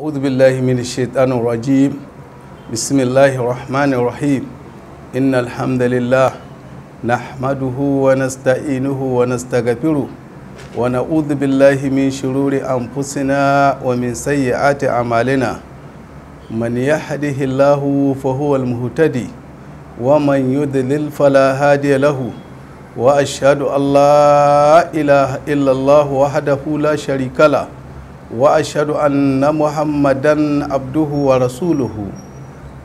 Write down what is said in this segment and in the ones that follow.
أعوذ بالله من الشيطان الرجيم بسم الله الرحمن الرحيم إن الحمد لله نحمده ونستعينه ونستغفره ونعوذ بالله من شرور أنفسنا ومن سيئات أعمالنا من يهده الله فهو المهتدي ومن يضلل فلا هادي له وأشهد أن لا إله إلا الله وحده لا شريك له واشهد ان محمدا عبده ورسوله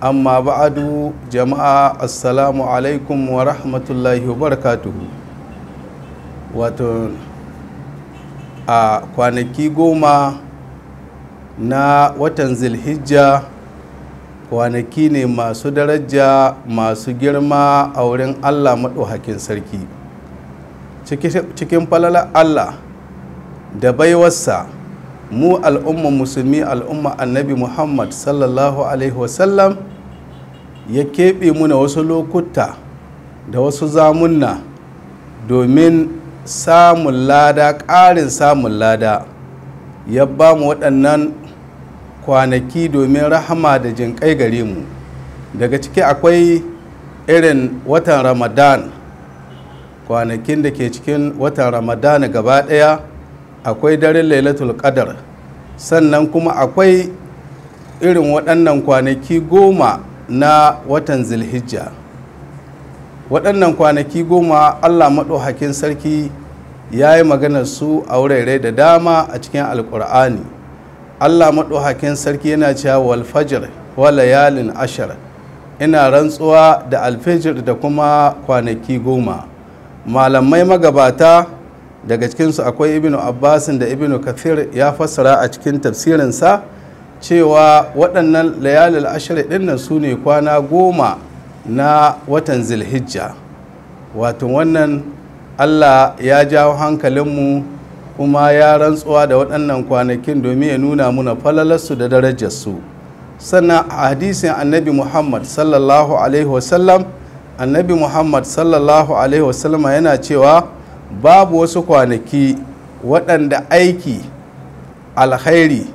amma ba'adu jama'a assalamu alaikum wa rahmatullahi wa barakatuhu wato a kwanaki goma na watan zilhijja kwanaki ne masu daraja masu girma a wurin allah maɗauhakin sarki cikin falala allah da baiwarsa mu al'umma musulmi al'umma annabi muhammad sallallahu alaihi wasallam ya keɓe muna wasu lokuta da wasu zamunna domin samun lada ƙarin samun lada ya ba mu waɗannan kwanaki domin rahama da jinƙai gare mu daga ciki akwai irin watan ramadan kwanakin da ke cikin watan ramadan gaba ɗaya akwai daren lailatul qadar sannan kuma akwai irin waɗannan kwanaki goma na watan zilhijja waɗannan kwanaki goma allah maɗauhakin sarki ya yi maganar su a wuraire da dama a cikin Alƙur'ani allah maɗauhakin sarki yana cewa walfajar fajr wa layalin ashar ina rantsuwa da alfijir da kuma kwanaki goma malamai magabata daga cikinsu akwai ibnu abbasin da ibnu kathir ya fassara a cikin tafsirinsa cewa waɗannan layalil ashirin ɗinnan su ne kwana goma na watan zilhijja wato wannan allah ya jawo hankalinmu kuma ya rantsuwa da waɗannan kwanakin domin ya nuna muna falalarsu da darajarsu sannan hadisin annabi muhammad sallallahu alaihi wasallam annabi muhammad sallallahu alaihi wasallam yana cewa babu wasu kwanaki waɗanda aiki alkhairi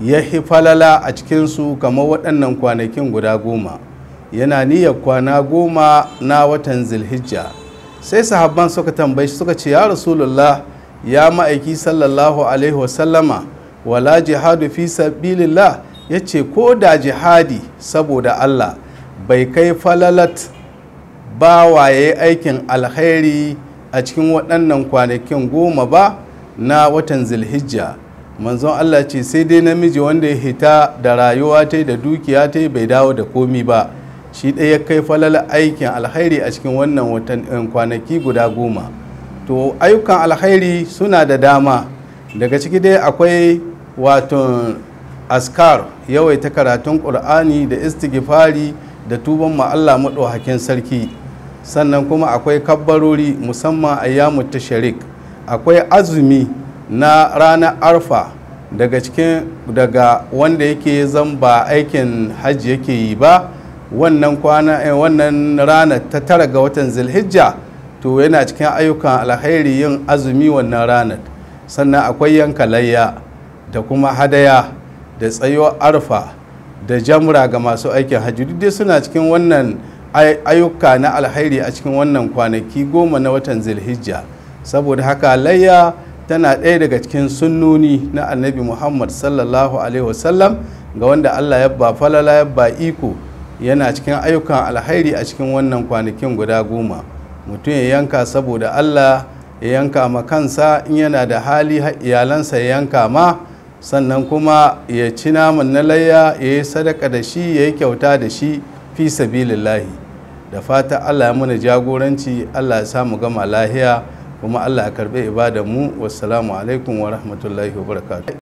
ya falala a cikinsu kamar waɗannan kwanakin guda goma yana niyyar kwana goma na watan zilhijja sai sahabban suka tambayi shi suka ce ya rasulullah ya ma'aiki sallallahu alaihi wasallama wala jihadu fi sabilillah ya ce ko da jihadi saboda allah bai kai falalat ba waye aikin alkhairi a cikin waɗannan kwanakin goma ba na watan zilhijja manzon Allah ce sai dai namiji wanda ya hita da rayuwa ta da dukiya ta bai dawo da komi ba shi ɗaya kai falal aikin alhairi a cikin wannan watan eh, kwanaki guda goma to ayyukan alhairi suna da dama daga ciki dai akwai wato askar yawaita karatun ƙur'ani da istighfari da tuban ma Allah maɗauhakin sarki sannan kuma akwai kabbarori musamman a ta sharik akwai azumi na ranar arfa daga cikin daga wanda yake zan ba aikin hajji yake yi ba wannan kwana eh, wannan rana ta tara ga watan zilhijja to yana cikin ayyukan alkhairi yin azumi wannan ranar sannan akwai yanka layya da kuma hadaya da tsayo arfa da jamra ga masu aikin hajji duk dai suna cikin wannan ayyuka na alhairi a cikin wannan kwanaki goma na watan zilhijja saboda haka layya tana ɗaya daga cikin sunnoni na annabi muhammad sallallahu alaihi wasallam ga wanda allah ya ba falala ya ba iko yana cikin ayyukan alhairi a cikin wannan kwanakin guda goma mutum ya yanka saboda allah ya yanka ma kansa in yana da hali iyalansa ya yanka ma sannan kuma ya ci naman na layya ya yi sadaka da shi ya yi kyauta da shi fi sabilillahi da fata allah ya mana jagoranci allah ya samu gama lahiya kuma allah ya karbi ibadan mu wassalamu alaikum wa rahmatullahi wa barakatuh